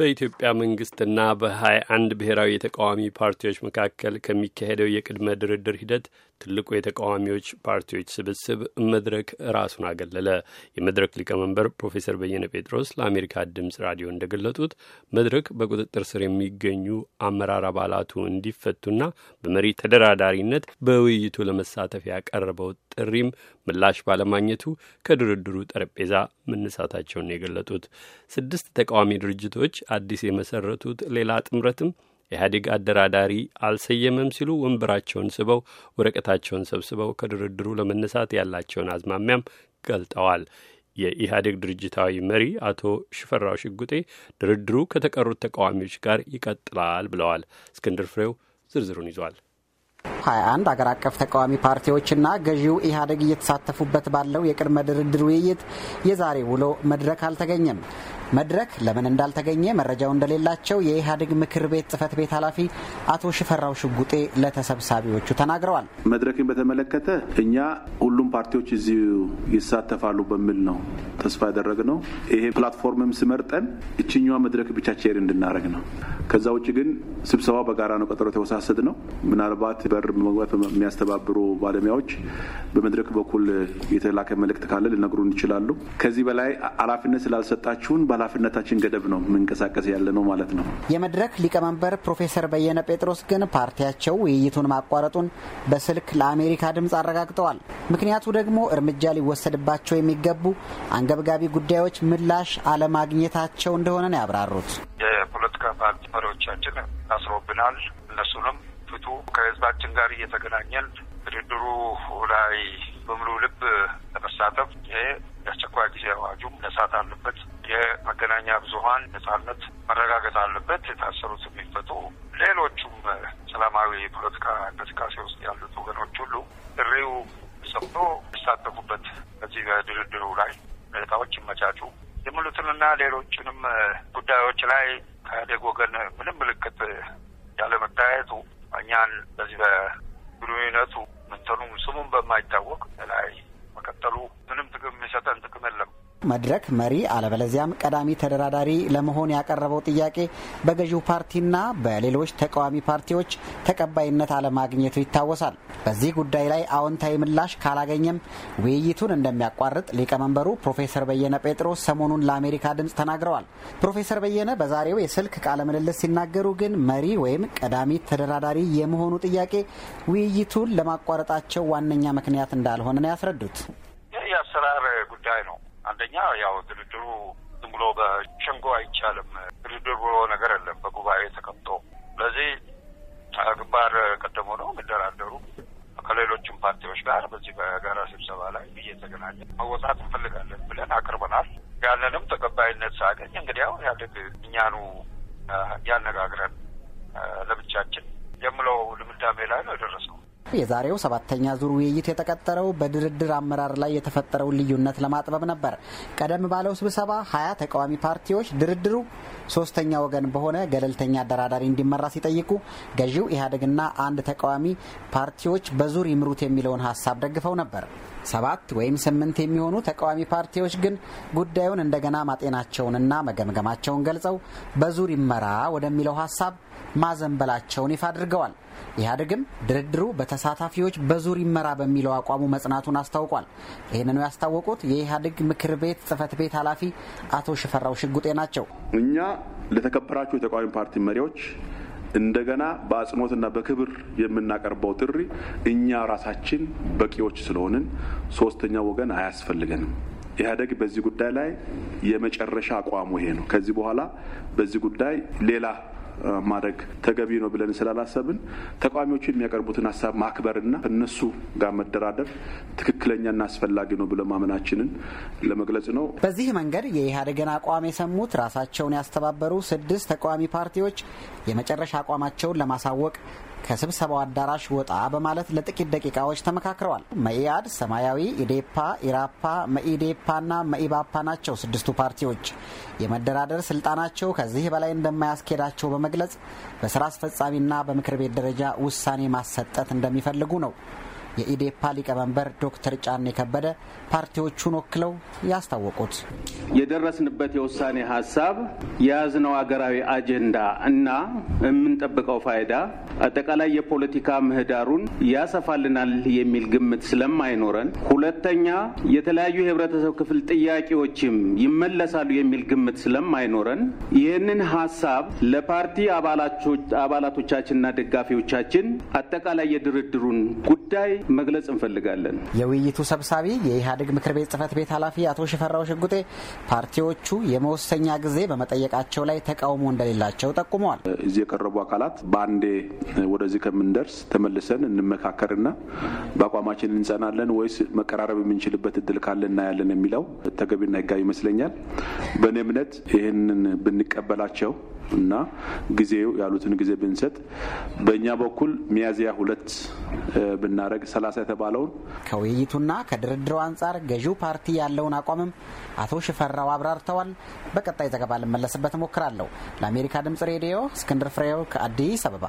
በኢትዮጵያ መንግስትና በሀያ አንድ ብሔራዊ የተቃዋሚ ፓርቲዎች መካከል ከሚካሄደው የቅድመ ድርድር ሂደት ትልቁ የተቃዋሚዎች ፓርቲዎች ስብስብ መድረክ ራሱን አገለለ። የመድረክ ሊቀመንበር ፕሮፌሰር በየነ ጴጥሮስ ለአሜሪካ ድምፅ ራዲዮ እንደገለጡት መድረክ በቁጥጥር ስር የሚገኙ አመራር አባላቱ እንዲፈቱና በመሪ ተደራዳሪነት በውይይቱ ለመሳተፍ ያቀረበው ጥሪም ምላሽ ባለማግኘቱ ከድርድሩ ጠረጴዛ መነሳታቸውን የገለጡት ስድስት ተቃዋሚ ድርጅቶች አዲስ የመሰረቱት ሌላ ጥምረትም ኢህአዴግ አደራዳሪ አልሰየመም ሲሉ ወንበራቸውን ስበው ወረቀታቸውን ሰብስበው ከድርድሩ ለመነሳት ያላቸውን አዝማሚያም ገልጠዋል። የኢህአዴግ ድርጅታዊ መሪ አቶ ሽፈራው ሽጉጤ ድርድሩ ከተቀሩት ተቃዋሚዎች ጋር ይቀጥላል ብለዋል። እስክንድር ፍሬው ዝርዝሩን ይዟል። 21 አገር አቀፍ ተቃዋሚ ፓርቲዎችና ገዢው ኢህአዴግ እየተሳተፉበት ባለው የቅድመ ድርድር ውይይት የዛሬ ውሎ መድረክ አልተገኘም። መድረክ ለምን እንዳልተገኘ መረጃው እንደሌላቸው የኢህአዴግ ምክር ቤት ጽህፈት ቤት ኃላፊ አቶ ሽፈራው ሽጉጤ ለተሰብሳቢዎቹ ተናግረዋል። መድረክን በተመለከተ እኛ ሁሉም ፓርቲዎች እዚሁ ይሳተፋሉ በሚል ነው ተስፋ ያደረግነው። ይሄ ፕላትፎርምም ስመርጠን እችኛዋ መድረክ ብቻ ቼር እንድናደረግ ነው። ከዛ ውጭ ግን ስብሰባ በጋራ ነው። ቀጠሮ የተወሳሰድ ነው። ምናልባት በር በመግባት የሚያስተባብሩ ባለሙያዎች በመድረክ በኩል የተላከ መልእክት ካለ ሊነግሩን ይችላሉ። ከዚህ በላይ ኃላፊነት ስላልሰጣችሁን በኃላፊነታችን ገደብ ነው የምንቀሳቀስ ያለ ነው ማለት ነው። የመድረክ ሊቀመንበር ፕሮፌሰር በየነ ጴጥሮስ ግን ፓርቲያቸው ውይይቱን ማቋረጡን በስልክ ለአሜሪካ ድምፅ አረጋግጠዋል። ምክንያቱ ደግሞ እርምጃ ሊወሰድባቸው የሚገቡ አንገብጋቢ ጉዳዮች ምላሽ አለማግኘታቸው እንደሆነ ነው ያብራሩት። የፖለቲካ ፓርቲ መሪዎቻችን ታስሮብናል። እነሱንም ፍቱ ከህዝባችን ጋር እየተገናኘን ድርድሩ ላይ በሙሉ ልብ ለመሳተፍ ይሄ የአስቸኳይ ጊዜ አዋጁ ነሳት አለበት። የመገናኛ ብዙሀን ነጻነት መረጋገጥ አለበት። የታሰሩት የሚፈቱ ሌሎቹም ሰላማዊ የፖለቲካ እንቅስቃሴ ውስጥ ያሉት ወገኖች ሁሉ ጥሪው ሰምቶ ይሳተፉበት በዚህ በድርድሩ ላይ ሁኔታዎች ይመቻቹ የሙሉትንና ሌሎችንም ጉዳዮች ላይ ከኢህአዴግ ወገን ምንም ምልክት ያለመታየቱ እኛን በዚህ በግንኙነቱ ምንተኑ ስሙን በማይታወቅ ላይ መቀጠሉ ምንም ጥቅም መድረክ መሪ አለበለዚያም ቀዳሚ ተደራዳሪ ለመሆን ያቀረበው ጥያቄ በገዢው ፓርቲና በሌሎች ተቃዋሚ ፓርቲዎች ተቀባይነት አለማግኘቱ ይታወሳል። በዚህ ጉዳይ ላይ አዎንታዊ ምላሽ ካላገኘም ውይይቱን እንደሚያቋርጥ ሊቀመንበሩ ፕሮፌሰር በየነ ጴጥሮስ ሰሞኑን ለአሜሪካ ድምፅ ተናግረዋል። ፕሮፌሰር በየነ በዛሬው የስልክ ቃለ ምልልስ ሲናገሩ ግን መሪ ወይም ቀዳሚ ተደራዳሪ የመሆኑ ጥያቄ ውይይቱን ለማቋረጣቸው ዋነኛ ምክንያት እንዳልሆነ ነው ያስረዱት። ይህ የአሰራር ጉዳይ ነው። አንደኛ ያው ድርድሩ ዝም ብሎ በሸንጎ አይቻልም። ድርድር ብሎ ነገር የለም በጉባኤ ተቀምጦ። ስለዚህ ግንባር ቀደሞ ነው የሚደራደሩ ከሌሎችም ፓርቲዎች ጋር በዚህ በጋራ ስብሰባ ላይ እየተገናኘ መወጣት እንፈልጋለን ብለን አቅርበናል። ያንንም ተቀባይነት ሳገኝ እንግዲህ ያው ያድግ እኛኑ ያነጋግረን ለብቻችን የምለው ድምዳሜ ላይ ነው የደረሰው። የዛሬው ሰባተኛ ዙር ውይይት የተቀጠረው በድርድር አመራር ላይ የተፈጠረውን ልዩነት ለማጥበብ ነበር። ቀደም ባለው ስብሰባ ሀያ ተቃዋሚ ፓርቲዎች ድርድሩ ሶስተኛ ወገን በሆነ ገለልተኛ አደራዳሪ እንዲመራ ሲጠይቁ ገዢው ኢህአዴግና አንድ ተቃዋሚ ፓርቲዎች በዙር ይምሩት የሚለውን ሀሳብ ደግፈው ነበር። ሰባት ወይም ስምንት የሚሆኑ ተቃዋሚ ፓርቲዎች ግን ጉዳዩን እንደገና ማጤናቸውንና መገምገማቸውን ገልጸው በዙር ይመራ ወደሚለው ሀሳብ ማዘንበላቸውን ይፋ አድርገዋል። ኢህአዴግም ድርድሩ በተሳታፊዎች በዙር ይመራ በሚለው አቋሙ መጽናቱን አስታውቋል። ይህንኑ ያስታወቁት የኢህአዴግ ምክር ቤት ጽህፈት ቤት ኃላፊ አቶ ሽፈራው ሽጉጤ ናቸው። እኛ ለተከበራቸው የተቃዋሚ ፓርቲ መሪዎች እንደገና በአጽንኦትና በክብር የምናቀርበው ጥሪ እኛ ራሳችን በቂዎች ስለሆንን ሶስተኛ ወገን አያስፈልገንም። ኢህአዴግ በዚህ ጉዳይ ላይ የመጨረሻ አቋሙ ይሄ ነው። ከዚህ በኋላ በዚህ ጉዳይ ሌላ ማድረግ ተገቢ ነው ብለን ስላላሰብን ተቃዋሚዎቹ የሚያቀርቡትን ሀሳብ ማክበርና እነሱ ጋር መደራደር ትክክለኛና አስፈላጊ ነው ብለን ማመናችንን ለመግለጽ ነው። በዚህ መንገድ የኢህአዴግን አቋም የሰሙት ራሳቸውን ያስተባበሩ ስድስት ተቃዋሚ ፓርቲዎች የመጨረሻ አቋማቸውን ለማሳወቅ ከስብሰባው አዳራሽ ወጣ በማለት ለጥቂት ደቂቃዎች ተመካክረዋል። መኢአድ፣ ሰማያዊ፣ ኢዴፓ፣ ኢራፓ፣ መኢዴፓ ና መኢባፓ ናቸው ስድስቱ ፓርቲዎች። የመደራደር ስልጣናቸው ከዚህ በላይ እንደማያስኬዳቸው በመግለጽ በስራ አስፈጻሚና በምክር ቤት ደረጃ ውሳኔ ማሰጠት እንደሚፈልጉ ነው የኢዴፓ ሊቀመንበር ዶክተር ጫኔ ከበደ ፓርቲዎቹን ወክለው ያስታወቁት የደረስንበት የውሳኔ ሀሳብ የያዝነው አገራዊ አጀንዳ እና የምንጠብቀው ፋይዳ አጠቃላይ የፖለቲካ ምህዳሩን ያሰፋልናል የሚል ግምት ስለማይኖረን፣ ሁለተኛ የተለያዩ የህብረተሰብ ክፍል ጥያቄዎችም ይመለሳሉ የሚል ግምት ስለማይኖረን ይህንን ሀሳብ ለፓርቲ አባላቶቻችንና ደጋፊዎቻችን አጠቃላይ የድርድሩን ጉዳይ መግለጽ እንፈልጋለን። የውይይቱ ሰብሳቢ የኢህአዴግ ምክር ቤት ጽህፈት ቤት ኃላፊ አቶ ሽፈራው ሽጉጤ ፓርቲዎቹ የመወሰኛ ጊዜ በመጠየቃቸው ላይ ተቃውሞ እንደሌላቸው ጠቁመዋል። እዚህ የቀረቡ አካላት በአንዴ ወደዚህ ከምንደርስ ተመልሰን እንመካከርና በአቋማችን እንጸናለን ወይስ መቀራረብ የምንችልበት እድል ካለ እናያለን የሚለው ተገቢና ህጋዊ ይመስለኛል። በእኔ እምነት ይህንን ብንቀበላቸው እና ጊዜው ያሉትን ጊዜ ብንሰጥ በእኛ በኩል ሚያዝያ ሁለት ብናደረግ ሰላሳ የተባለውን ከውይይቱና ከድርድሩ አንጻር ገዢው ፓርቲ ያለውን አቋምም አቶ ሽፈራው አብራርተዋል። በቀጣይ ዘገባ ልመለስበት እሞክራለሁ። ለአሜሪካ ድምጽ ሬዲዮ እስክንድር ፍሬው ከአዲስ አበባ